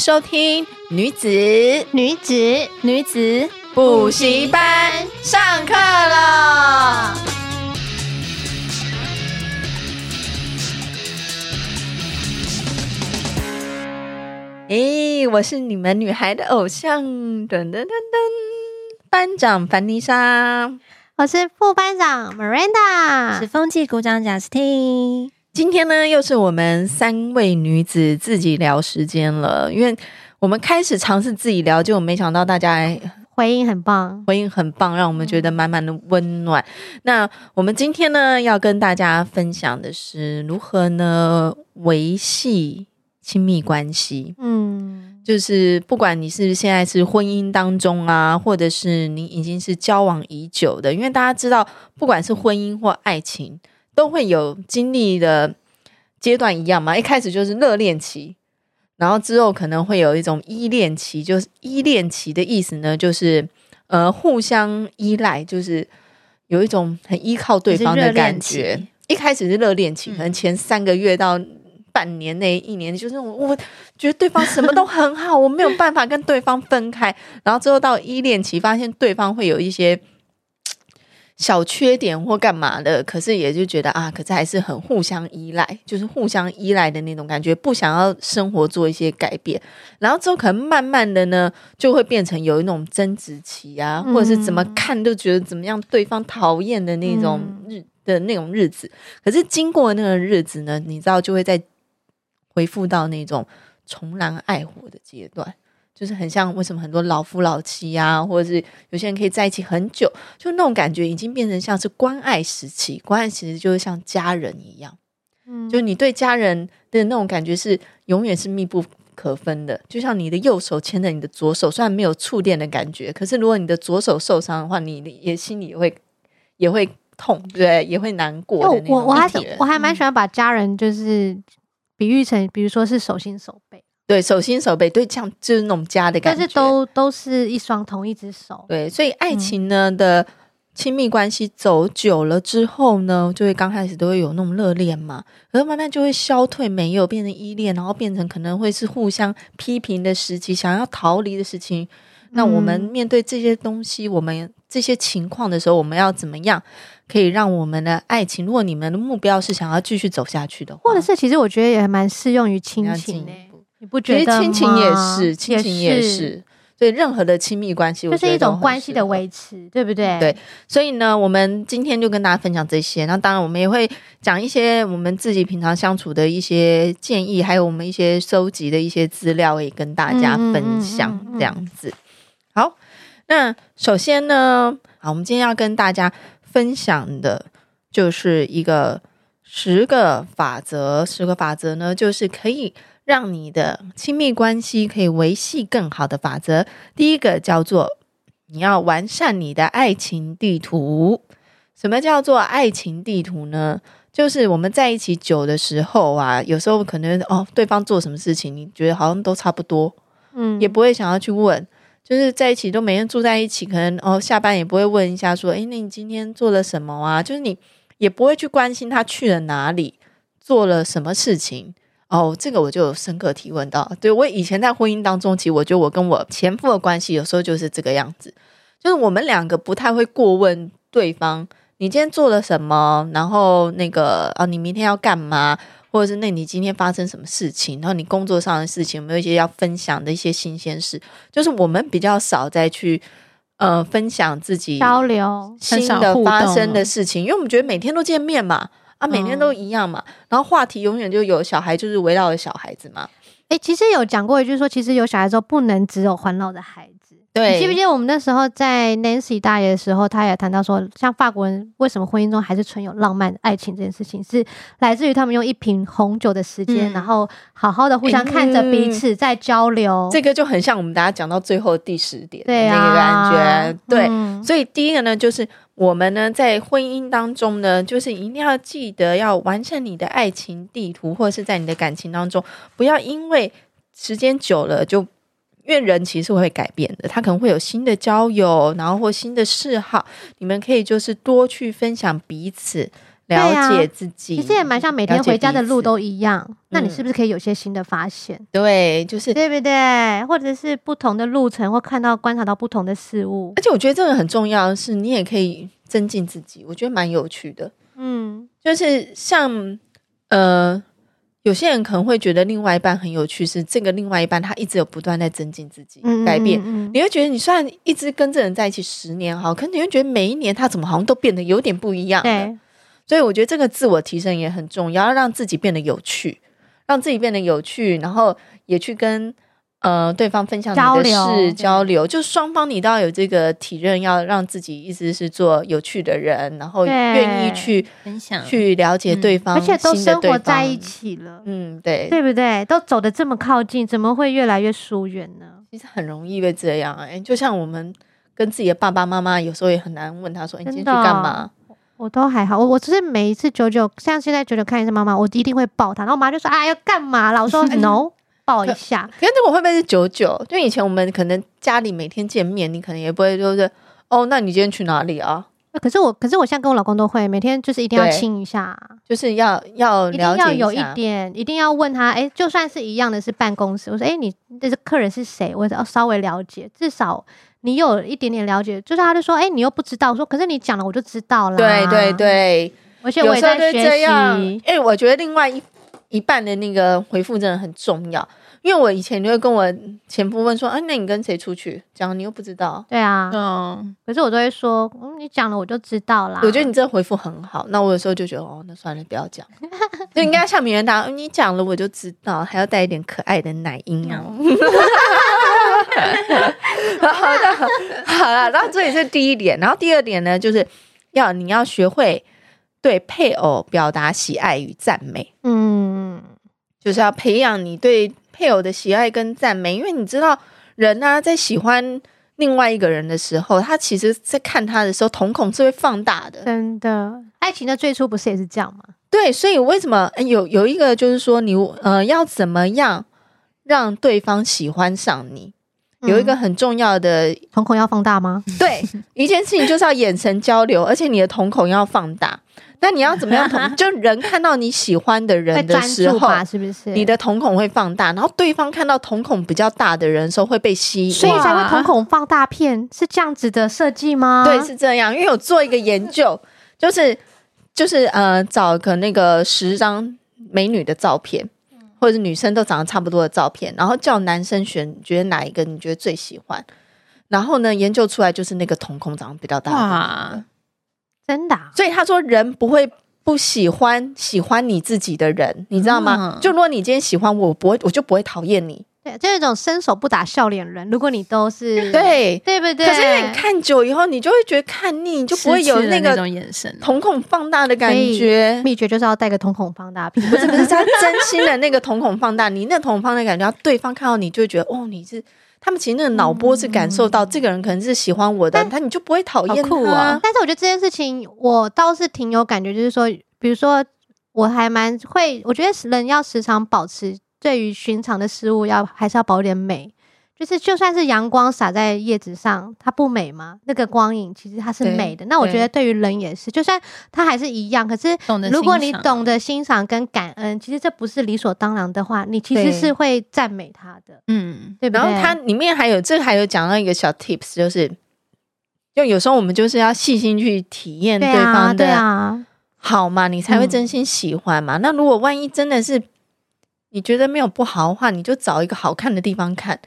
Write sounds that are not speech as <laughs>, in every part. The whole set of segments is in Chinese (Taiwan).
收聽女子女子女子補習班上課了！咦、欸，我是你們女孩的偶像，噔噔噔噔，班長凡妮莎，我是副班長 Miranda，是風紀股長賈斯汀。Justin 今天呢，又是我們三位女子自己聊時間了，因為我們開始嘗試自己聊，結果沒想到大家還回應很棒，回應很棒，讓我們覺得滿滿的溫暖。那我們今天呢，要跟大家分享的是如何呢維繫親密關係？嗯，就是不管你是不是現在是婚姻當中啊，或者是你已經是交往已久的，因為大家知道，不管是婚姻或愛情。都會有經歷的階段一樣嘛，一開始就是熱戀期，然後之後可能會有一種依戀期，就是依戀期的意思呢，就是呃互相依賴，就是有一種很依靠對方的感覺。一開始是熱戀期，可能前三個月到半年那、嗯、一年，就是我我覺得對方什麼都很好， <laughs> 我沒有辦法跟對方分開，然後之後到依戀期，發現對方會有一些。小缺點或幹嘛的，可是也就覺得啊，可是還是很互相依賴，就是互相依賴的那種感覺，不想要生活做一些改變。然後之後可能慢慢的呢，就會變成有一種爭執期啊，嗯、或者是怎麼看都覺得怎麼樣對方討厭的那種日、嗯、的那種日子。可是經過那個日子呢，你知道就會再回復到那種重燃愛火的階段。就是很像，為什麼很多老夫老妻呀、啊，或者是有些人可以在一起很久，就那種感覺已經變成像是關愛時期。關愛其實就是像家人一樣，嗯，就你對家人的那種感覺是永遠是密不可分的。就像你的右手牽着你的左手，雖然沒有觸電的感覺，可是如果你的左手受傷的話，你也心裡也會也會痛，對，對，也會難過的。我，我還想，我還我還蠻喜歡把家人就是比喻成，嗯，比如說是手心手。對，手心手背，對，這樣就是那種家的感覺。但是都都是一雙同一只手。對，所以愛情呢、嗯、的親密關係走久了之後呢，就會剛開始都會有那種熱戀嘛，然後慢慢就會消退，沒有變成依戀，然後變成可能會是互相批評的時期，想要逃離的事情。嗯、那我們面對這些東西，我們這些情況的時候，我們要怎麼樣可以讓我們的愛情？如果你們的目標是想要繼續走下去的話，或者是其實我覺得也蠻適用於親情你不覺得嗎？其實親情也是，親情也是，所以任何的親密關係，這是一種關係的維持，對不對？對，所以呢，我們今天就跟大家分享這些。那當然，我們也會講一些我們自己平常相處的一些建議，還有我們一些收集的一些資料，也跟大家分享、嗯、這樣子。嗯嗯嗯、好，那首先呢，好，我們今天要跟大家分享的就是一個十個法則。十個法則呢，就是可以。讓你的親密關係可以維繫更好的法則，第一個叫做你要完善你的愛情地圖。什麼叫做愛情地圖呢？就是我們在一起久的時候啊，有時候可能哦，對方做什麼事情，你覺得好像都差不多，嗯，也不會想要去問。就是在一起都每天住在一起，可能哦，下班也不會問一下說，哎，那你今天做了什麼啊？就是你也不會去關心他去了哪裡，做了什麼事情。哦，這個我就有深刻提問到，對，我以前在婚姻當中，其實我覺得我跟我前夫的關係有時候就是這個樣子，就是我們兩個不太會過問對方，你今天做了什麼，然後那個啊，你明天要幹嘛，或者是那你今天發生什麼事情，然後你工作上的事情有沒有一些要分享的一些新鮮事，就是我們比較少再去呃分享自己交流新的發生的事情，因為我們覺得每天都見面嘛。啊，每天都一樣嘛，嗯、然後話題永遠就有小孩，就是圍繞着小孩子嘛。哎、欸，其實有講過一句說，其實有小孩之後不能只有環繞的孩子。對，你記不記得我們那時候在 Nancy 大爺的時候，他也談到說，像法國人為什麼婚姻中還是存有浪漫愛情這件事情，是來自於他們用一瓶紅酒的時間，嗯、然後好好的互相看着彼此在交流。嗯、這個就很像我們大家講到最後的第十點，那個感覺。對，啊、對，嗯、所以第一個呢，就是。我們呢，在婚姻當中呢，就是一定要記得要完成你的愛情地圖，或者是在你的感情當中，不要因為時間久了，就因人其實會改變的，他可能會有新的交友，然後或新的嗜好，你們可以就是多去分享彼此。了解自己，啊、其實也蠻像每天回家的路都一樣。嗯、那你是不是可以有些新的發現？對，就是對不對？或者是不同的路程，或看到、觀察到不同的事物。而且我覺得這個很重要，是你也可以增進自己。我覺得蠻有趣的。嗯，就是像呃，有些人可能會覺得另外一半很有趣，是這個另外一半他一直有不斷在增進自己、嗯嗯嗯嗯改變。你會覺得你雖然一直跟這人在一起十年好，可是你會覺得每一年他怎麼好像都變得有點不一樣。對所以我覺得這個自我提升也很重要，要讓自己變得有趣，讓自己變得有趣，然後也去跟呃對方分享你的事交流，交流對 就雙方你都要有這個體認，要讓自己一直是做有趣的人，然後願意去分享、去了解對方，嗯、對方而且都生活在一起了，嗯對，對不對？都走的這麼靠近，怎麼會越來越疏遠呢？其實很容易會這樣哎、欸，就像我們跟自己的爸爸媽媽，有時候也很難問他說、欸、你今天去幹嘛？我都還好，我我只是每一次久久像現在久久看一下媽媽，我一定會抱她、哎。然後我媽就說：“啊，要幹嘛了？”我說：“No，抱一下。可是”哎，那我會不會是久久？就因為以前我們可能家裡每天見面，你可能也不會就是哦，那你今天去哪裡啊？那可是我，可是我現在跟我老公都會每天就是一定要親一下，就是要要了解一下，一定要有一點，一定要問他。哎、欸，就算是一樣的是辦公室，我說：“哎、欸，你這是客人是誰？”我都要稍微了解，至少。你有一點點了解，就是他就說，哎、欸，你又不知道，我說，可是你講了我就知道了。對對對，而且我也在學習。哎、欸，我覺得另外一一半的那個回復真的很重要，因為我以前就會跟我前夫問說，哎、欸，那你跟誰出去？講了你又不知道。對啊，嗯。可是我都會說，嗯，你講了我就知道了。我覺得你這個回復很好，那我有時候就覺得，哦，那算了，不要講。 <laughs> 嗯、就應該像名人答，你講了我就知道，還要帶一點可愛的奶音哦。 <laughs> 然後好了，然後這也是第一點，然後第二點呢，就是要你要學會對配偶表達喜愛與讚美，嗯，就是要培養你對配偶的喜愛跟讚美，因為你知道人啊，在喜歡另外一個人的時候，他其實在看他的時候，瞳孔是會放大的，真的。愛情的最初不是也是這樣嗎？對，所以為什麼有有一個就是說你呃要怎麼樣讓對方喜歡上你？有一個很重要的、嗯、瞳孔要放大嗎？對，一件事情就是要眼神交流， <laughs> 而且你的瞳孔要放大。那你要怎麼樣？瞳， <laughs> 就人看到你喜歡的人的時候，是不是你的瞳孔會放大？然後對方看到瞳孔比較大的人的時候會被吸引，所以才會瞳孔放大片，是這樣子的設計嗎？ <laughs> 對，是這樣。因為我做一個研究，就是就是呃，找個那個十張美女的照片。或者是女生都長得差不多的照片，然後叫男生選，你覺得哪一個你覺得最喜歡？然後呢，研究出來就是那個瞳孔長得比較大的。啊真的！所以他說，人不會不喜歡喜歡你自己的人，你知道嗎？嗯、就如果你今天喜歡我，我不會，我就不會討厭你。對，就那種伸手不打笑臉人。如果你都是對，對不對？可是你看久以後，你就會覺得看膩，你就不會有那個眼神瞳孔放大的感覺吃吃。秘訣就是要帶個瞳孔放大片是， <laughs> 不是不是，他真心的那個瞳孔放大，你那瞳孔放大感覺，讓 <laughs> 對方看到你就會覺得哦，你是他們其實那個腦波是感受到、嗯、這個人可能是喜歡我的，但他你就不會討厭酷啊。啊但是我覺得這件事情，我倒是挺有感覺，就是說，比如說，我還蠻會，我覺得人要時常保持。對於尋常的事物要，要還是要保點美，就是就算是陽光灑在葉子上，它不美嗎？那個光影其實它是美的。那我覺得對於人也是，就算它還是一樣，可是如果你懂得欣賞跟感恩，其實這不是理所當然的話，你其實是會讚美它的。對，對對，嗯，對。然後它裡面還有這還有講到一個小 tips，就是，就有時候我們就是要細心去體驗對方的，對啊對啊，好嘛，你才會真心喜歡嘛。嗯，那如果萬一真的是。你覺得沒有不好的話，你就找一個好看的地方看，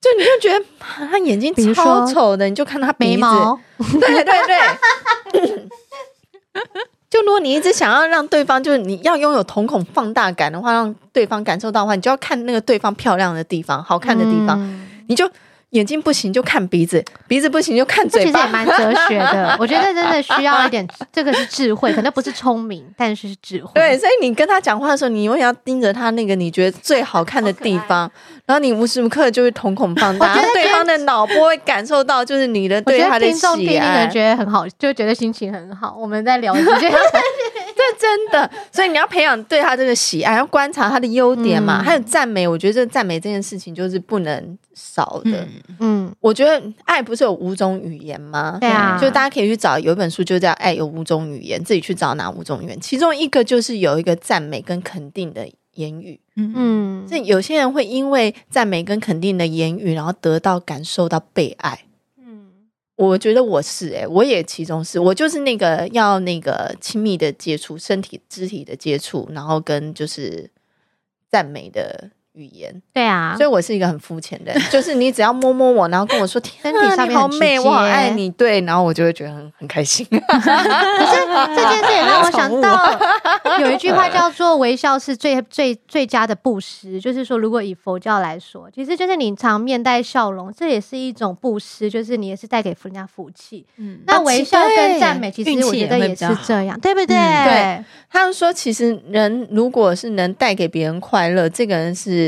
就你就覺得他眼睛超醜的，你就看他鼻子， <laughs> 對對對， <laughs> 就如果你一直想要讓對方就是你要擁有瞳孔放大感的話，讓對方感受到的話，你就要看那個對方漂亮的地方、好看的地方，嗯、你就。眼睛不行就看鼻子，鼻子不行就看嘴巴。其實也蠻哲學的， <laughs> 我覺得真的需要一點， <laughs> 這個是智慧，可能不是聰明，但是是智慧。對，所以你跟他講話的時候，你永遠要盯着他那個你覺得最好看的地方，Oh, 然後你無時無刻就會瞳孔放大， <laughs> 得對方的腦波會感受到，就是你的對他的喜愛，覺得，定定的覺得很好，就覺得心情很好。我們在聊一這些。 <laughs> 是 <laughs> 真的，所以你要培養對他這個喜愛，要觀察他的優點嘛，還有讚美。我覺得這讚美這件事情就是不能少的。嗯，我覺得愛不是有五種語言嗎、嗯？對、嗯、啊，就大家可以去找有一本書，就叫《愛有五種語言》，自己去找哪五種語言。其中一個就是有一個讚美跟肯定的言語。嗯嗯，所以有些人會因為讚美跟肯定的言語，然後得到感受到被愛。我覺得我是哎、欸，我也其中是我就是那個要那個親密的接觸，身體肢體的接觸，然後跟就是讚美的。語言對啊，所以我是一個很膚淺的人， <laughs> 就是你只要摸摸我，然後跟我說“天、啊，上面 <laughs> 你好美，我好愛你”，對，然後我就會覺得很很開心。 <laughs> <laughs> 可是這件事也讓我想到，有一句話叫做“微笑是最最最佳的布施”，就是說，如果以佛教來說，其實就是你常面帶笑容，這也是一種布施，就是你也是帶給人家福氣。嗯，那微笑跟讚美其對，其實我覺得也是這樣，對不對？嗯、對他們說，其實人如果是能帶給別人快樂，這個人是。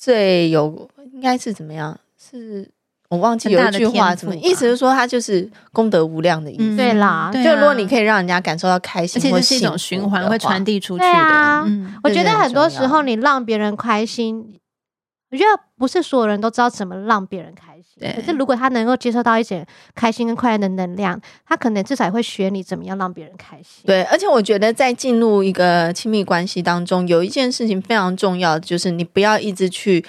最有應該是怎麼樣？是我忘記有一句話，什麼意思是說它，就是功德無量的意思。嗯，對啦，對啊。就如果你可以讓人家感受到開心的，而且是一種循環，會傳遞出去的。我覺得很多時候你讓別人開心。我覺得不是所有人都知道怎麼讓別人開心，可對是如果他能夠接受到一些開心跟快樂的能量，他可能至少也會學你怎麼樣讓別人開心。對，而且我覺得在進入一個親密關係當中，有一件事情非常重要，就是你不要一直去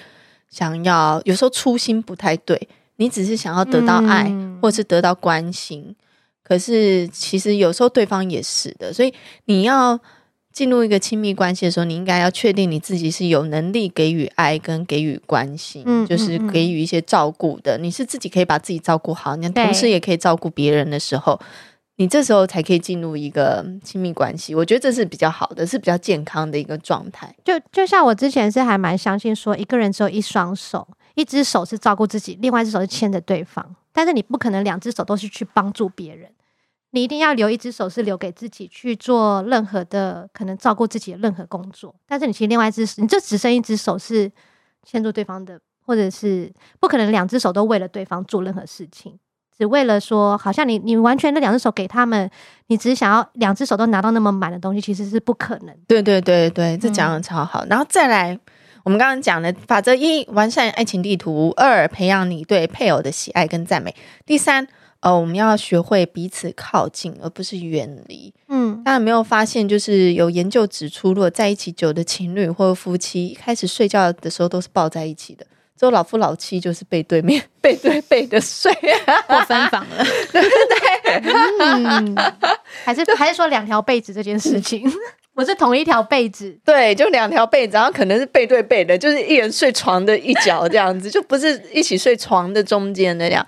想要，有時候初心不太對，你只是想要得到愛、嗯、或是得到關心，可是其實有時候對方也是的，所以你要。進入一個親密關係的時候，你應該要確定你自己是有能力給予愛跟給予關心，嗯嗯嗯、就是給予一些照顧的。你是自己可以把自己照顧好，你同時也可以照顧別人的時候，對你這時候才可以進入一個親密關係。我覺得這是比較好的，是比較健康的一個狀態。就就像我之前是還蠻相信說，一個人只有一雙手，一隻手是照顧自己，另外一隻手是牽着對方。但是你不可能兩隻手都是去幫助別人。你一定要留一隻手是留給自己去做任何的可能照顧自己的任何工作，但是你其實另外一隻手，你就只剩一隻手是牽住對方的，或者是不可能兩隻手都為了對方做任何事情，只為了說好像你你完全的兩隻手給他們，你只想要兩隻手都拿到那麼滿的東西，其實是不可能。對對對對，這講的超好。嗯、然後再來，我們剛剛講的法則一：完善愛情地圖；二，培養你對配偶的喜愛跟讚美；第三。呃、哦，我們要學會彼此靠近，而不是遠離。嗯，大家有沒有發現，就是有研究指出，如果在一起久的情侶或夫妻，一開始睡覺的時候都是抱在一起的，之後老夫老妻就是背對面、背對背的睡。我分房了， <laughs> 對不對？嗯、還是還是說兩條被子這件事情？ <laughs> 我是同一條被子，對，就兩條被子，然後可能是背對背的，就是一人睡床的一角這樣子，就不是一起睡床的中間的這樣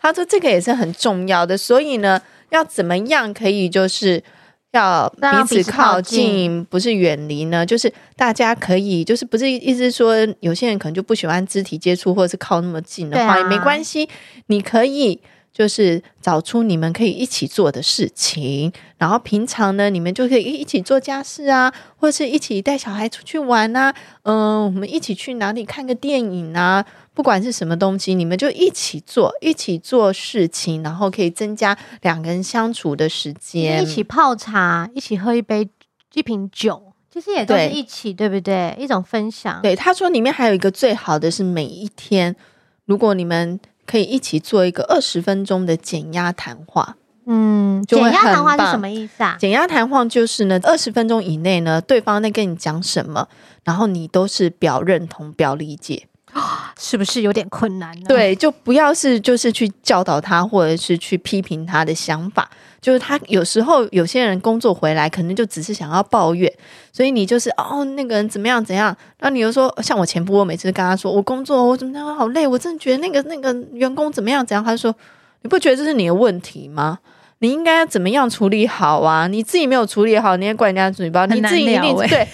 他說：“這個也是很重要的，所以呢，要怎麼樣可以，就是要彼此靠近，靠近不是遠離呢？就是大家可以，就是不是一直說，有些人可能就不喜歡肢體接觸，或者是靠那麼近的話、啊、也沒關係，你可以。”就是找出你們可以一起做的事情，然後平常呢，你們就可以一起做家事啊，或者是一起帶小孩出去玩啊，嗯、呃，我們一起去哪裡看個電影啊？不管是什麼東西，你們就一起做，一起做事情，然後可以增加兩個人相處的時間。一起泡茶，一起喝一杯一瓶酒，其實也都是一起，對，對不對？一種分享。對，他說裡面還有一個最好的是每一天，如果你們。可以一起做一個二十分鐘的減壓談話，嗯，減壓談話是什麼意思啊？減壓談話就是呢，二十分鐘以內呢，對方在跟你講什麼，然後你都是表認同、表理解。哦，是不是有點困難呢？對，就不要是就是去教導他，或者是去批評他的想法。就是他有時候有些人工作回來，可能就只是想要抱怨，所以你就是哦，那個人怎麼樣怎樣？然後你又說像我前夫，我每次跟他說我工作我怎麼樣好累，我真的覺得那個那個員工怎麼樣怎樣？他就說你不覺得這是你的問題嗎？你應該怎麼樣處理好啊？你自己沒有處理好，你也怪人家嘴巴，欸、你自己一定對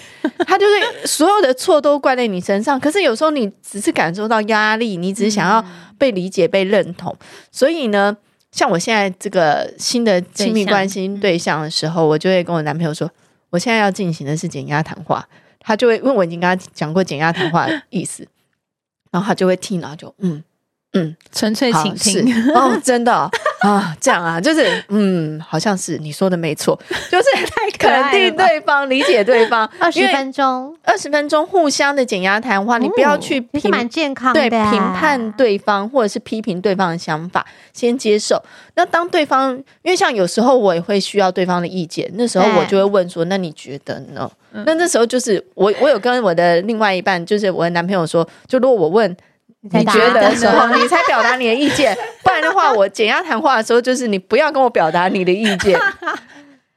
他就是所有的錯都怪在你身上。可是有時候你只是感受到壓力，你只是想要被理解、嗯、被認同，所以呢。像我現在這個新的親密關係對象的時候，我就會跟我男朋友說，我現在要進行的是減壓談話，他就會問我已經跟他講過減壓談話的意思，然後他就會聽，然後就嗯。嗯，純粹傾聽哦，真的、哦、 <laughs> 啊，這樣啊，就是嗯，好像是你說的沒錯，就是太肯定對方理解對方二十分鐘，二十分鐘互相的減壓談話，嗯、你不要去評判、啊、對評判對方或者是批評對方的想法，先接受。那當對方，因為像有時候我也會需要對方的意見，那時候我就會問說：“對那你覺得呢、no? 嗯？”那那時候就是我，我有跟我的另外一半，就是我的男朋友說，就如果我問。你，啊、你覺得什麼你才表達你的意見， <laughs> 不然的話，我減壓談話的時候就是你不要跟我表達你的意見。 <laughs>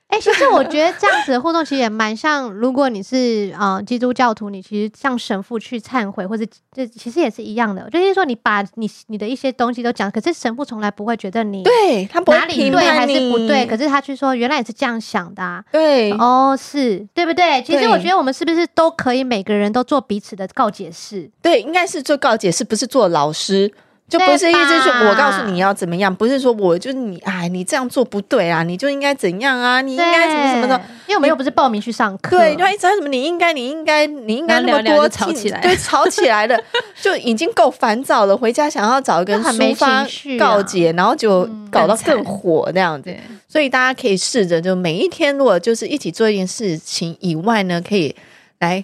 哎、欸，其實我覺得這樣子的互動其實也蠻像， <laughs> 如果你是、呃、基督教徒，你其實向神父去懺悔，或者這其實也是一樣的。就是說，你把你你的一些東西都講，可是神父從來不會覺得你對他哪裡對還是不對，對，他不會評判你。可是他去說原來也是這樣想的、啊。對，哦，是對不對？其實我覺得我們是不是都可以，每個人都做彼此的告解師？對，應該是做告解師，是不是做老師。就不是一直說，我告訴你要怎麼樣，吧不是說我就是你，哎，你這樣做不對啊，你就應該怎樣啊，你應該怎麼怎麼的麼？對你因為我們又不是報名去上課，對，然後一直什麼你應該，你應該，你應該那麼多聊聊吵起來，對，吵起來了， <laughs> 就已經夠煩躁了。回家想要找一個人抒發告解，然後就搞到更火這樣子。對，所以大家可以試着，就每一天，如果就是一起做一件事情以外呢，可以來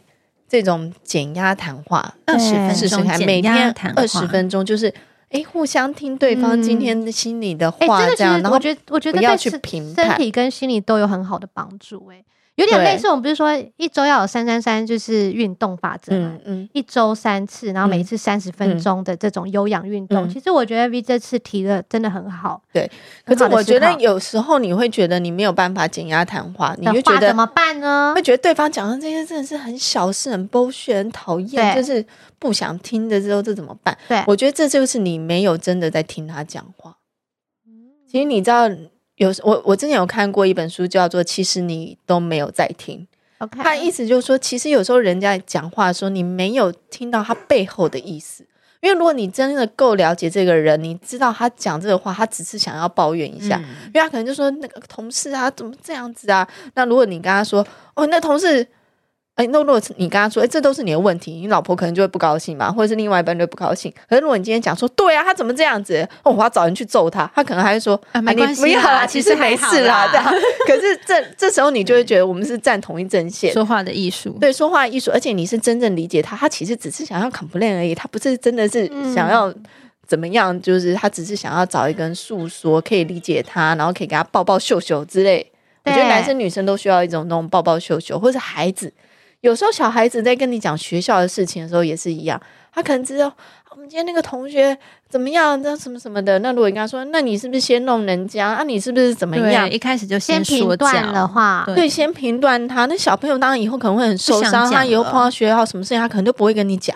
這種減壓談話，二十對分鐘每天二十分鐘，就是。誒，互相聽對方今天心裡的話，這樣，然後、嗯這個、我覺得，我覺得要去評判，身體跟心理都有很好的幫助。誒。有點類似，我們不是說一周要有三三三，就是運動法則嘛，一周三次，然後每一次三十分鐘的這種有氧運動。其實我覺得 V 這次提的真的很好。對，可是我覺得有時候你會覺得你沒有辦法減壓談話，你就覺得怎麼辦呢？會覺得對方講的這些真的是很小事、很剝削、很討厭，就是不想聽的時候這怎麼辦？對，我覺得這就是你沒有真的在聽他講話。其實你知道。有我，我之前有看過一本書，叫做《其實你都沒有在聽》。他 Okay. 意思就是說，其實有時候人家講話說你沒有聽到他背後的意思，因為如果你真的夠了解這個人，你知道他講這個話，他只是想要抱怨一下，嗯、因為他可能就說那個同事啊，怎麼這樣子啊？那如果你跟他說哦，那同事。哎，那如果你跟他說，哎，這都是你的問題，你老婆可能就會不高興嘛，或者是另外一半會不高興。可是如果你今天講說，對啊，他怎麼這樣子？哦，我要找人去揍他。他可能還會說，啊，沒關係，哎、你不要啦，其實沒事啦這樣、 <laughs> 啊，可是這這時候你就會覺得，我們是站同一陣線，說話的藝術，對，說話的藝術，而且你是真正理解他，他其實只是想要 complain 而已，他不是真的是想要怎麼樣，嗯、就是他只是想要找一根訴說，可以理解他，然後可以給他抱抱秀秀之類。對我覺得男生女生都需要一種那種抱抱秀秀，或者是孩子。有時候小孩子在跟你講學校的事情的時候也是一樣，他可能知道我們今天那個同學怎麼樣，那什麼什麼的。那如果你跟他說，那你是不是先弄人家啊？你是不是怎麼樣？一開始就先評斷的話，對，先評斷他。那小朋友當然以後可能會很受傷，啊，以後碰到學校什麼事情，他可能都不會跟你講。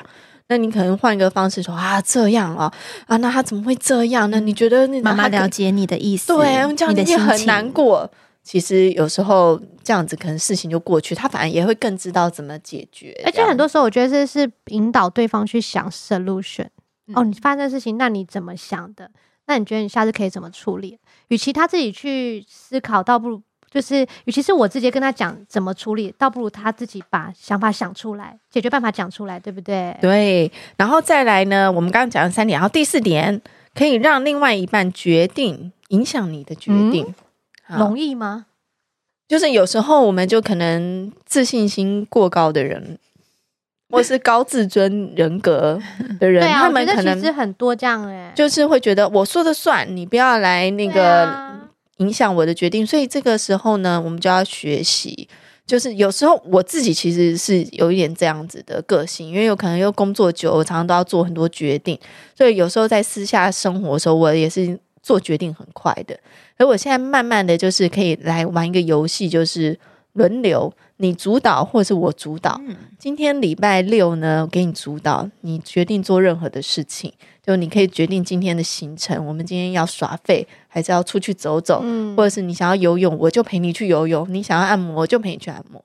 那你可能換一個方式說啊，這樣哦、啊，啊，那他怎麼會這樣呢？你覺得那媽媽了解你的意思，對、啊，這樣就很難過。其實有時候這樣子，可能事情就過去。他反而也會更知道怎麼解決。而且很多時候，我覺得這是,是引導對方去想 Solution、嗯、哦，你發生的事情，那你怎麼想的？那你覺得你下次可以怎麼處理？與其他自己去思考，倒不如就是與其是我直接跟他講怎麼處理，倒不如他自己把想法想出來，解決辦法講出來，對不對？對。然後再來呢，我們剛剛講了三點，然後第四點可以讓另外一半決定影響你的決定。嗯好容易嗎？就是有時候我們就可能自信心過高的人， <laughs> 或是高自尊人格的人， <laughs> 對啊、他們可能其實很多這樣哎，就是會覺得我說的算， <laughs> 你不要來那個影響我的決定。啊、所以這個時候呢，我們就要學習，就是有時候我自己其實是有一點這樣子的個性，因為有可能又工作久，我常常都要做很多決定，所以有時候在私下生活的時候，我也是做決定很快的。而我現在慢慢的就是可以來玩一個遊戲，就是輪流你主導或者是我主導。今天禮拜六呢，我給你主導，你決定做任何的事情，就你可以決定今天的行程。我們今天要耍廢，還是要出去走走？嗯，或者是你想要游泳，我就陪你去游泳；你想要按摩，我就陪你去按摩。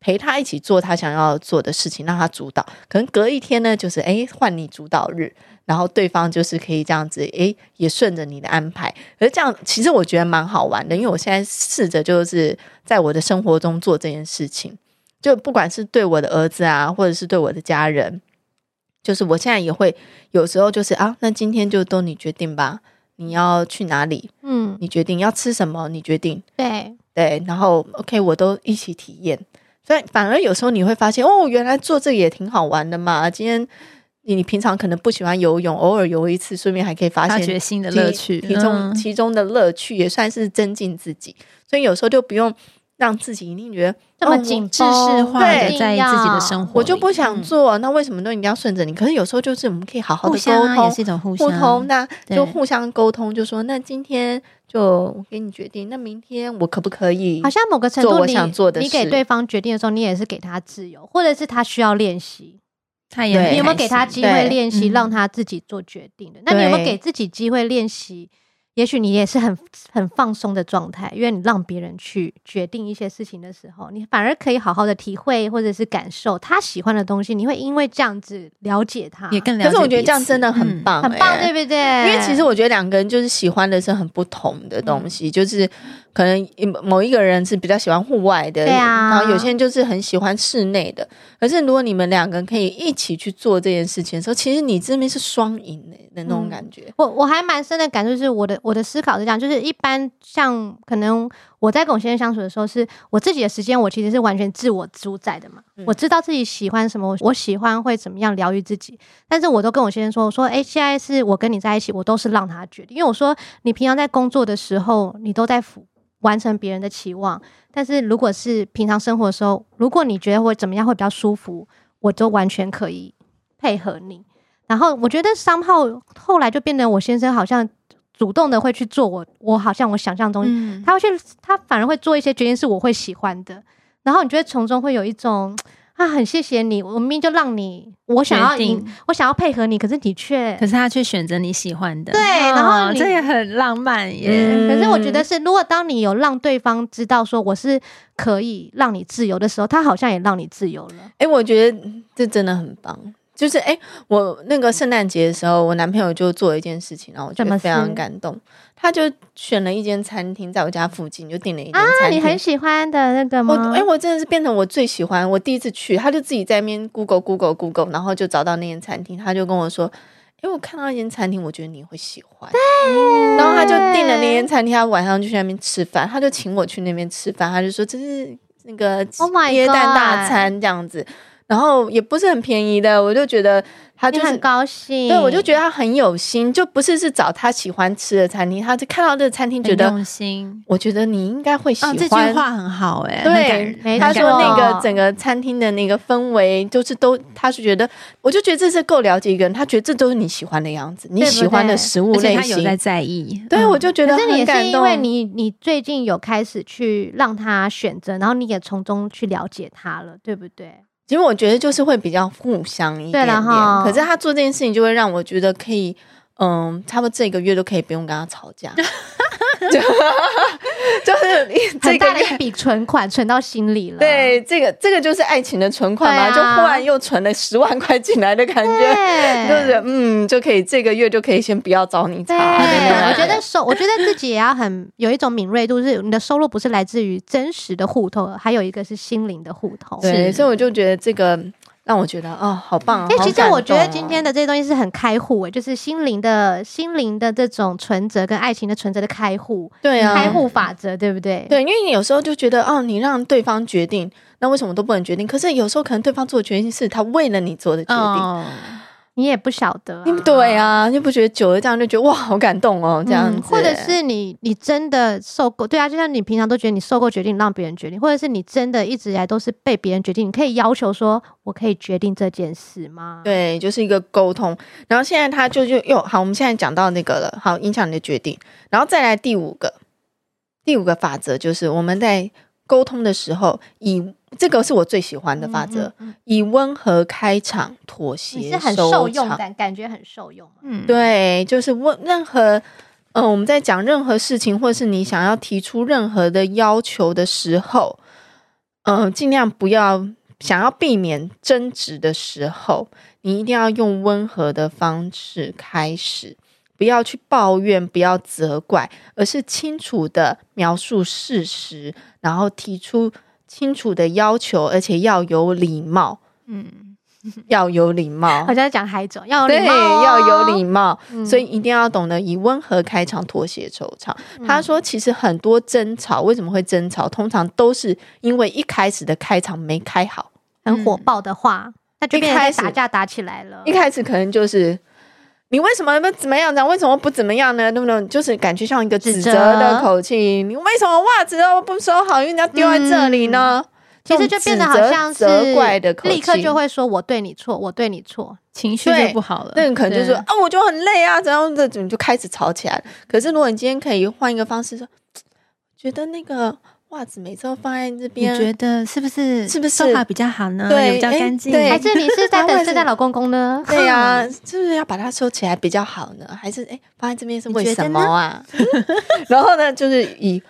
陪他一起做他想要做的事情，讓他主導。可能隔一天呢，就是誒，換、欸、你主導日，然後對方就是可以這樣子，誒、欸，也順着你的安排。而這樣其實我覺得蠻好玩的，因為我現在試着就是在我的生活中做這件事情。就不管是對我的兒子啊，或者是對我的家人，就是我現在也會有時候就是啊，那今天就都你決定吧，你要去哪裡？嗯，你決定要吃什麼？你決定。對對，然後 OK，我都一起體驗。所以反而有時候你會發現，哦，原來做這個也挺好玩的嘛。今天你平常可能不喜歡游泳，偶爾游一次，順便還可以發現發新的樂趣，其中其中的樂趣也算是增進自己。嗯，所以有時候就不用。讓自己一定覺得那麼緊緻是會在意自己的生活，我就不想做。嗯、那為什麼都一定要順着你？可是有時候就是我們可以好好的溝通、啊，也是一種互相溝通、啊。對 就互相溝通，就說那今天就我給你決定。那明天我可不可以？好像某個程度，你想做的，你給對方決定的時候，你也是給他自由，或者是他需要練習。他也有，對 你有沒有給他機會練習，對 嗯、讓他自己做決定的？對 那你有沒有給自己機會練習？也許你也是很很放鬆的狀態，因為你讓別人去決定一些事情的時候，你反而可以好好的體會或者是感受他喜歡的東西。你會因為這樣子了解他，也更了解。可是我覺得這樣真的很棒，欸嗯，很棒，對不對？因為其實我覺得兩個人就是喜歡的是很不同的東西，嗯、就是可能某一個人是比較喜歡戶外的，對啊。然後有些人就是很喜歡室內的。可是如果你們兩個人可以一起去做這件事情的時候，其實你這邊是雙贏、欸、的，那種感覺。嗯、我我還蠻深的感受是，我的。我的思考是這樣，就是一般像可能我在跟我先生相處的時候是，是我自己的時間，我其實是完全自我主宰的嘛。嗯、我知道自己喜歡什麼，我喜歡會怎麼樣療癒自己，但是我都跟我先生說，我說：“哎，現在是我跟你在一起，我都是讓他決定。”因為我說，你平常在工作的時候，你都在完成別人的期望，但是如果是平常生活的時候，如果你覺得我怎麼樣會比較舒服，我都完全可以配合你。然後我覺得三號後，後來就變得我先生好像。主動的會去做我，我我好像我想象中，嗯、他會去，他反而會做一些決定是我會喜歡的。然後你覺得從中會有一種啊，很謝謝你，我明明就讓你，我想要贏決定，我想要配合你，可是你卻可是他卻選擇你喜歡的，對，然後、哦、這也很浪漫耶。嗯、可是我覺得是，如果當你有讓對方知道說我是可以讓你自由的時候，他好像也讓你自由了。哎、欸，我覺得這真的很棒。就是哎，我那個聖誕節的時候，我男朋友就做了一件事情，然後我覺得非常感動。他就選了一間餐廳，在我家附近，就訂了一間餐廳。啊，你很喜歡的那個嗎？哎，我真的是變成我最喜歡。我第一次去，他就自己在那邊 Google Google Google，然後就找到那間餐廳。他就跟我說：“哎，我看到一間餐廳，我覺得你會喜歡。”對。然後他就訂了那間餐廳，他晚上就去那邊吃飯，他就請我去那邊吃飯。他就說這是那個哦，My God，耶誕大餐這樣子。然後也不是很便宜的，我就覺得他就是、很高興，對我就覺得他很有心，就不是是找他喜歡吃的餐廳，他就看到這個餐廳覺得用心。我覺得你應該會喜歡、哦、這句話很好哎、欸，對，感他說那個整個餐廳的那個氛圍感就是都，嗯、他是覺得，我就覺得這是夠了解一個人，他覺得這都是你喜歡的樣子，對對你喜歡的食物類型，他有在在意。嗯、對，我就覺得感動，這也是因為你你最近有開始去讓他選擇，然後你也從中去了解他了，對不對？其實我覺得就是會比較互相一點點，對然後。可是他做這件事情就會讓我覺得可以，嗯，差不多這個月都可以不用跟他吵架。 <laughs> 就 <laughs> 就是 <laughs> 很大的一筆存款 <laughs> 存到心裡了。對，這個這個就是愛情的存款嘛，啊、就忽然又存了十萬塊進來的感覺，對就是嗯，就可以這個月就可以先不要找你查。對對嗎我覺得收，我覺得自己也要很有一種敏銳度，就是你的收入不是來自於真實的戶頭，還有一個是心靈的戶頭。是對，所以我就覺得這個。讓我覺得哦，好棒哦！哎，其實我覺得今天的這些東西是很開戶哎，哦、就是心靈的心靈的這種存摺跟愛情的存摺的開戶，對啊，開戶法則對不對？嗯。對，因為你有時候就覺得哦，你讓對方決定，那為什麼都不能決定？可是有時候可能對方做的決定是他為了你做的決定。哦你也不曉得、啊，你，對啊，你不覺得久了這樣就覺得哇好感動哦，這樣子，嗯、或者是你你真的受夠，對啊，就像你平常都覺得你受夠決定讓別人決定，或者是你真的一直以來都是被別人決定，你可以要求說我可以決定這件事嗎？對，就是一個溝通。然後現在他就就喲好，我們現在講到那個了，好影響你的決定，然後再來第五個，第五個法則就是我們在。溝通的時候，以這個是我最喜歡的法則：嗯嗯、以溫和開場，妥協收場，是很受用，感覺很受用。嗯，對，就是溫任何，嗯、呃，我們在講任何事情，或是你想要提出任何的要求的時候，嗯、呃，盡量不要想要避免爭執的時候，你一定要用溫和的方式開始。不要去抱怨，不要責怪，而是清楚的描述事實，然後提出清楚的要求，而且要有禮貌。嗯，要有禮貌，要有禮貌、哦。好像在講孩子，要有禮貌，對，要有禮貌。嗯、所以一定要懂得以溫和開場，妥協收場。嗯、他說，其實很多爭吵為什麼會爭吵，通常都是因為一開始的開場沒開好。很火爆的話，他就開始打架打起來了一。一開始可能就是。嗯你為什麼不怎麼樣呢？為什麼不怎麼樣呢？那麼就是感覺像一個指責的口氣。指責。你為什麼襪子都不收好，因為人家丟在這裡呢？嗯、指責，其實就變得好像是責怪的口氣，立刻就會說我對你錯，我對你錯，情緒就不好了。對。那你可能就是說對，啊，我就很累啊，怎樣怎怎就開始吵起來了。可是如果你今天可以換一個方式說，覺得那個。襪子每次都放在這邊，你覺得是不是是不是收納比較好呢？對，比較乾淨。欸、對，還是你是在等聖誕老公公呢？ <laughs> 對呀、啊，是不是要把它收起來比較好呢？還是哎、欸，放在這邊是為什麼啊？ <laughs> <laughs> 然後呢，就是以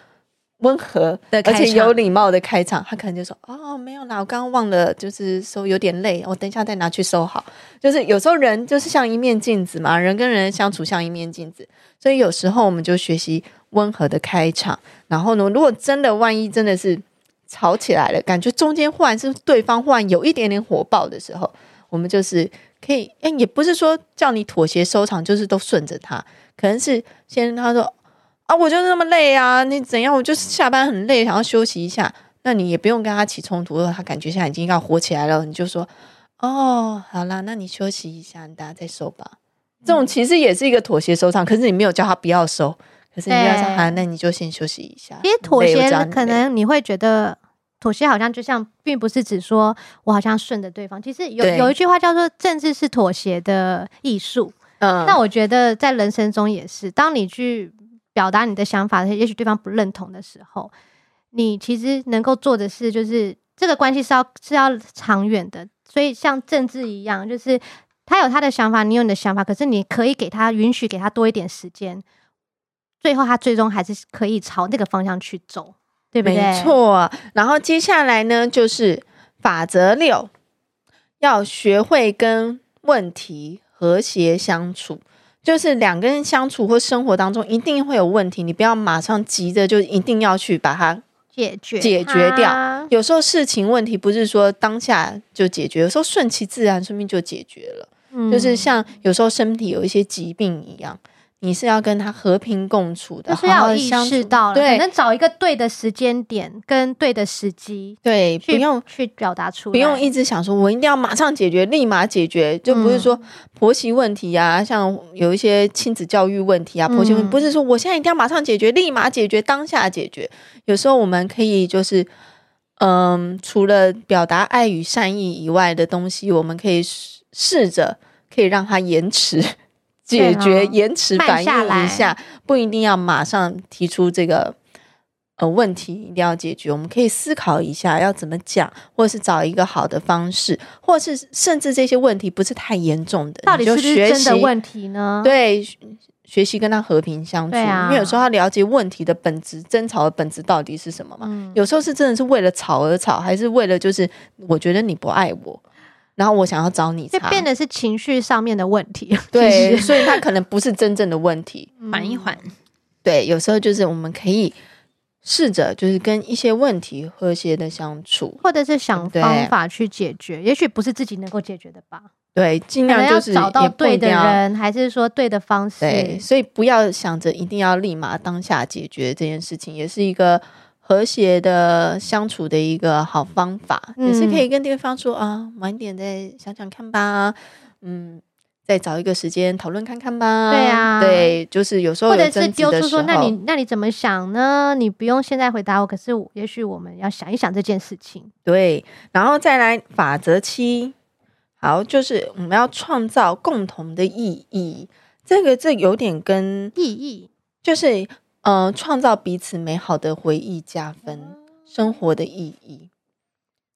溫和的開場而且有禮貌的開場，他可能就說：“哦，沒有啦，我剛剛忘了，就是收有點累，我等一下再拿去收好。”就是有時候人就是像一面鏡子嘛，人跟人相處像一面鏡子，所以有時候我們就學習。溫和的開場，然後呢，如果真的萬一真的是吵起來了，感覺中間忽然是對方忽然有一點點火爆的時候，我們就是可以，誒、欸、也不是說叫你妥協收場，就是都順着他，可能是先他說啊，我就是那麼累啊，你怎樣，我就是下班很累，想要休息一下，那你也不用跟他起衝突，他感覺現在已經要火起來了，你就說哦，好啦，那你休息一下，大家再收吧。嗯、這種其實也是一個妥協收場，可是你沒有叫他不要收。可是你要說好對、啊，那你就先休息一下。其實妥協，可能你會覺得妥協好像就像，並不是只說我好像順着對方。其實有對 有一句話叫做“政治是妥協的藝術”，嗯，那我覺得在人生中也是。當你去表達你的想法，也許對方不認同的時候，你其實能夠做的是，就是這個關係是要是要長遠的。所以像政治一樣，就是他有他的想法，你有你的想法，可是你可以給他允許，給他多一點時間。最後，他最終還是可以朝那個方向去走，對不對？沒錯。然後接下來呢，就是法則六，要學會跟問題和諧相處。就是兩個人相處或生活當中，一定會有問題，你不要馬上急着就一定要去把它解決解決掉。有時候事情問題不是說當下就解決，有時候順其自然，順便就解決了。嗯，就是像有時候身體有一些疾病一樣。你是要跟他和平共處的，然後是要意識到了，對，能找一個對的時間點跟對的時機，對，去不用去表達出，不用一直想說，我一定要馬上解決，立馬解決，就不是說婆媳問題啊，嗯、像有一些親子教育問題啊，婆媳問題，不是說我現在一定要馬上解決，立馬解決，當下解決。有時候我們可以就是，嗯，除了表達愛與善意以外的東西，我們可以試着可以讓它延遲。解決延遲反應一下，下不一定要馬上提出這個呃問題，一定要解決。我們可以思考一下要怎麼講，或者是找一個好的方式，或是甚至這些問題不是太嚴重的，到底是學習的問題呢？對，學習跟他和平相處，啊、因為有時候他了解問題的本質，爭吵的本質到底是什麼嘛？嗯、有時候是真的是為了吵而吵，還是為了就是我覺得你不愛我。然後我想要找你，這變得是情緒上面的問題。對，實所以他可能不是真正的問題。緩一緩，對，有時候就是我們可以試着就是跟一些問題和諧的相處，或者是想方法去解決，對也許不是自己能夠解決的吧。對，盡量就是要要找到對的人，還是說對的方式。對，所以不要想着一定要立馬當下解決這件事情，也是一個和諧的相處的一個好方法，嗯、也是可以跟對方說啊，晚點再想想看吧，嗯，再找一個時間討論看看吧。對啊，對，就是有時候，有時候或者是丟出說，那你那你怎麼想呢？你不用現在回答我，可是也許我們要想一想這件事情。對，然後再來法則七，好，就是我們要創造共同的意義。這個這個、有點跟意義就是。嗯，呃、創造彼此美好的回憶加分，嗯、生活的意義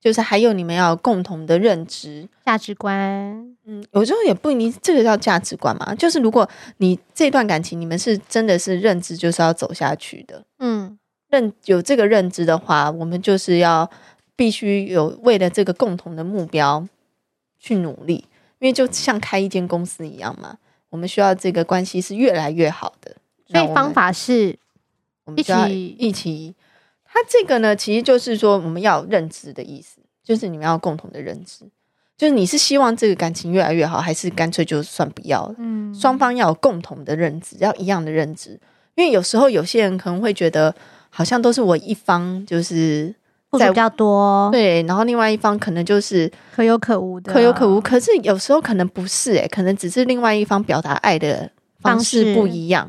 就是還有你們要共同的認知價值觀。嗯，有時候也不一定，這個叫價值觀嘛。就是如果你這段感情，你們是真的是認知就是要走下去的。嗯，認有這個認知的話，我們就是要必須有為了這個共同的目標去努力，因為就像開一間公司一樣嘛，我們需要這個關係是越來越好的。所以方法是，一起一起，它這個呢，其實就是說我們要有認知的意思，就是你們要共同的認知，就是你是希望這個感情越來越好，還是乾脆就算不要了？雙、嗯、方要有共同的認知，要一樣的認知，因為有時候有些人可能會覺得，好像都是我一方就是負責比較多，對，然後另外一方可能就是可有可無的，可有可無。可是有時候可能不是哎、欸，可能只是另外一方表達愛的方式不一樣。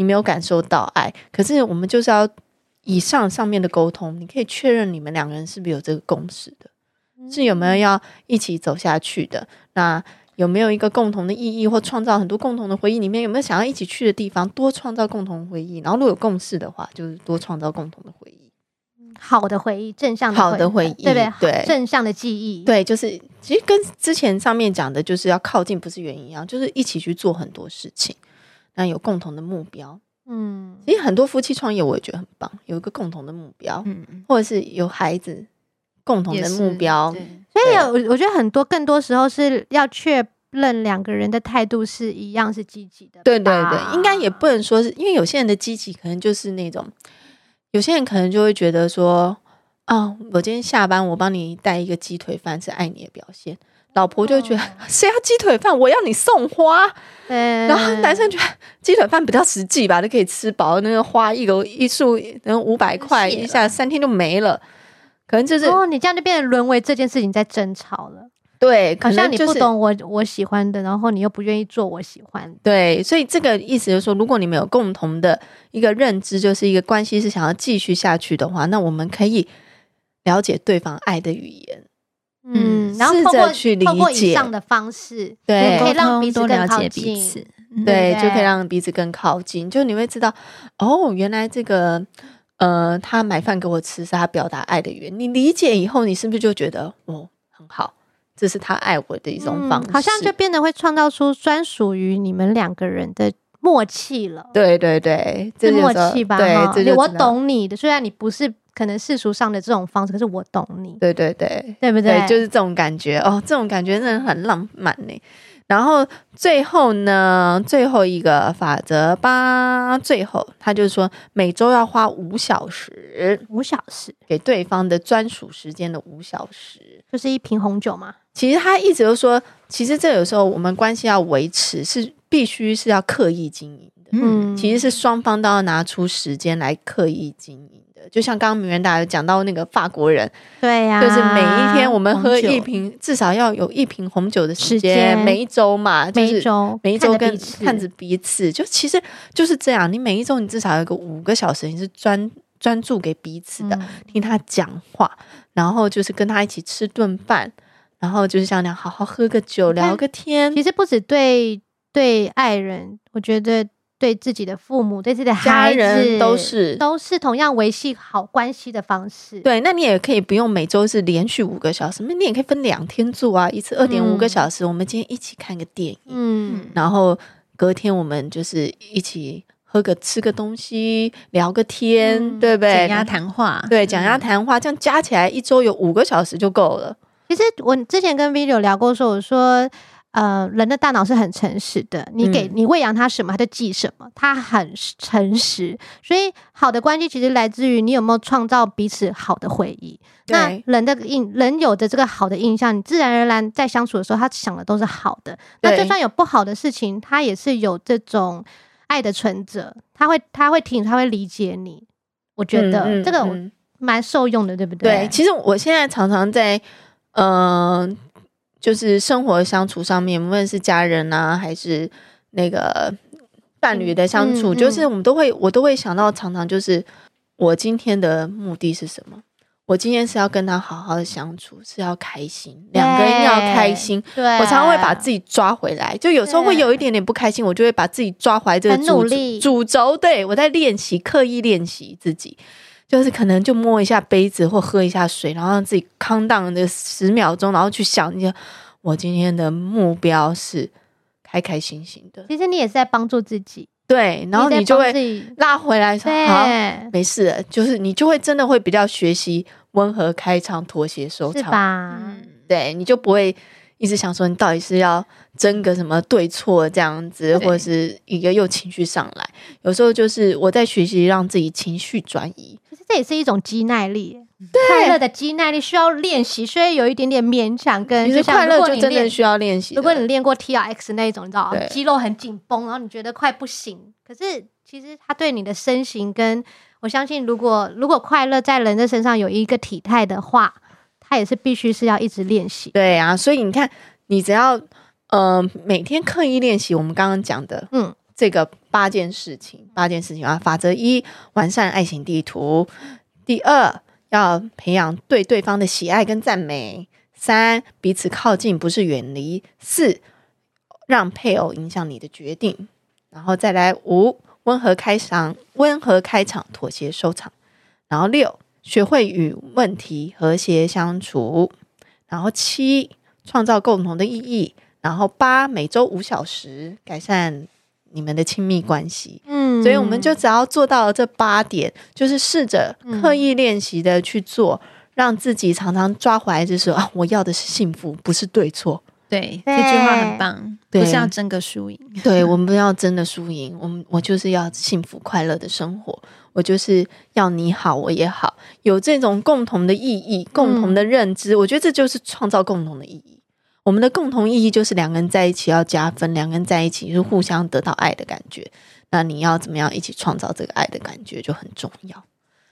你沒有感受到愛，可是我們就是要以上上面的溝通，你可以確認你們兩個人是不是有這個共識的，是有沒有要一起走下去的？那有沒有一個共同的意義，或創造很多共同的回憶？裡面有沒有想要一起去的地方？多創造共同回憶，然後如果有共識的話，就是多創造共同的回憶，好的回憶，正向好的回憶，對不對？對，正向的記憶，對，就是其實跟之前上面講的，就是要靠近，不是原因一樣，就是一起去做很多事情。那有共同的目標，嗯，其實很多夫妻創業，我也覺得很棒，有一個共同的目標，嗯，或者是有孩子共同的目標，所以，我對我覺得很多更多時候是要確認兩個人的態度是一樣是積極的，對對對，應該也不能說是因為有些人的積極可能就是那種，有些人可能就會覺得說，啊、哦，我今天下班我幫你帶一個雞腿飯是愛你的表現。老婆就覺得誰、oh. 要雞腿飯，我要你送花。嗯對，然後男生覺得雞腿飯比較實際吧，就可以吃飽。那個花一樓一束能五百塊一下，了三天就沒了。可能就是哦，你這樣就變得淪為這件事情在爭吵了。對，就是、好像你不懂我我喜歡的，然後你又不願意做我喜歡的。對，所以這個意思就是說，如果你們有共同的一個認知，就是一個關係是想要繼續下去的話，那我們可以了解對方愛的語言。嗯，然後透過去理解透過以上的方式，對，就可以讓彼此更靠近，對就可以讓彼此更靠近。就你會知道，哦，原來這個呃，他買飯給我吃是他表達愛的語言。你理解以後，你是不是就覺得哦，很好，這是他愛我的一種方式。嗯，好像就變得會創造出專屬於你們兩個人的默契了。對對對，這默契吧，對，我懂你的，雖然你不是。可能世俗上的這種方式，可是我懂你，對對對，對不對？對，就是這種感覺哦，這種感覺真的很浪漫呢，欸。然後最後呢，最後一個法則吧，最後他就是說，每周要花五小時，五小時給對方的專屬時間的五小時，就是一瓶紅酒嘛。其實他一直都說，其實這有時候我們關係要維持是必須是要刻意經營的，嗯，其實是雙方都要拿出時間來刻意經營。就像剛剛明元大有講到那個法國人，對呀、啊，就是每一天我們喝一瓶，酒至少要有一瓶紅酒的時間，時間每一周嘛，每一周，每一周跟看着彼，彼此，就其實就是這樣。你每一周你至少有個五個小時，你是專專注給彼此的，嗯、聽他講話，然後就是跟他一起吃頓飯，然後就是像那樣好好喝個酒，嗯、聊個天。其實不止對對愛人，我覺得。對自己的父母、對自己的孩子家人都是都是同樣維繫好關係的方式。對，那你也可以不用每周是連續五個小時，那你也可以分兩天做啊，一次二點、嗯、五個小時。我們今天一起看個電影，嗯、然後隔天我們就是一起喝個吃個東西、聊個天，嗯、對不對？講一下談話，對，講一下談話，嗯、這樣加起來一周有五個小時就夠了。其實我之前跟 Video 聊過說，說我說。呃，人的大腦是很誠實的，你給你餵養他什麼，嗯、他就記什麼，他很誠實。所以好的關係其實來自於你有沒有創造彼此好的回憶。對那人的印人有的這個好的印象，你自然而然在相處的時候，他想的都是好的。對那就算有不好的事情，他也是有這種愛的存摺，他會他會聽，他會理解你。我覺得這個我蠻、嗯嗯、受用的，對不對？對。其實我現在常常在，嗯、呃。就是生活的相處上面，無論是家人啊，還是那個伴侶的相處，嗯嗯嗯、就是我們都會，我都會想到，常常就是我今天的目的是什麼？我今天是要跟他好好的相處，是要開心，兩、欸、個一定要開心。對，我常常會把自己抓回來，對就有時候會有一點點不開心，我就會把自己抓回來這個主，很努力，主軸，對，我在練習，刻意練習自己。就是可能就摸一下杯子或喝一下水，然後讓自己空蕩的十秒鐘，然後去想一下我今天的目標是開開心心的。其實你也是在幫助自己，對，然後你就會拉回來，好，對沒事，就是你就會真的會比較學習溫和開場，妥協收場，是吧、嗯？對，你就不會一直想說你到底是要爭個什麼對錯這樣子，對或者是一個又情緒上來。有時候就是我在學習讓自己情緒轉移。這也是一種肌耐力，對快樂的肌耐力需要練習，所以有一點點勉強。跟就其實快樂就真的需要練習。如果你練過 T R X 那一種，你知道對肌肉很緊繃，然後你覺得快不行。可是其實它對你的身形跟我相信，如果如果快樂在人的身上有一個體態的話，它也是必須是要一直練習。對啊，所以你看，你只要嗯、呃、每天刻意練習我們剛剛講的，嗯。這個八件事情，八件事情啊！法則一：完善愛情地圖；第二，要培養對對方的喜愛跟讚美；三，彼此靠近不是遠離；四，讓配偶影響你的決定；然後再來五，溫和開場，溫和開場，妥協收場；然後六，學會與問題和諧相處；然後七，創造共同的意義；然後八，每周五小時改善。你們的親密關係，嗯，所以我們就只要做到了這八點，就是試着刻意練習的去做，嗯、讓自己常常抓回來，就是啊，我要的是幸福，不是對錯。對，對這句話很棒，對不是要爭個輸贏。對， <laughs> 對我們不要爭的輸贏，我們我就是要幸福快樂的生活，我就是要你好我也好，有這種共同的意義、共同的認知，嗯、我覺得這就是創造共同的意義。我們的共同意義就是兩個人在一起要加分，兩個人在一起就是互相得到愛的感覺。那你要怎麼樣一起創造這個愛的感覺就很重要，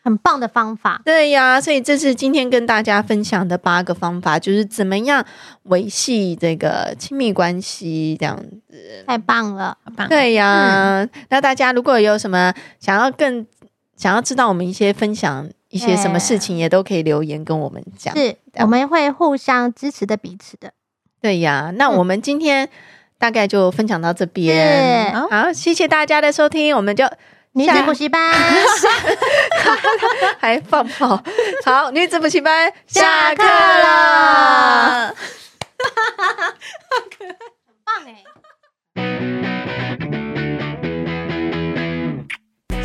很棒的方法。對呀，所以這是今天跟大家分享的八個方法，就是怎麼樣維繫這個親密關係，這樣子太棒了，很棒。對呀，嗯，那大家如果有什麼想要更想要知道我們一些分享一些什麼事情，對，也都可以留言跟我們講，是，這樣，我們會互相支持的彼此的。對呀，那我們今天大概就分享到這邊。嗯、好，謝謝大家的收聽，我們就女子補習班， <laughs> 還放炮，好，女子補習班下課了，了 <laughs> 很棒哎、欸！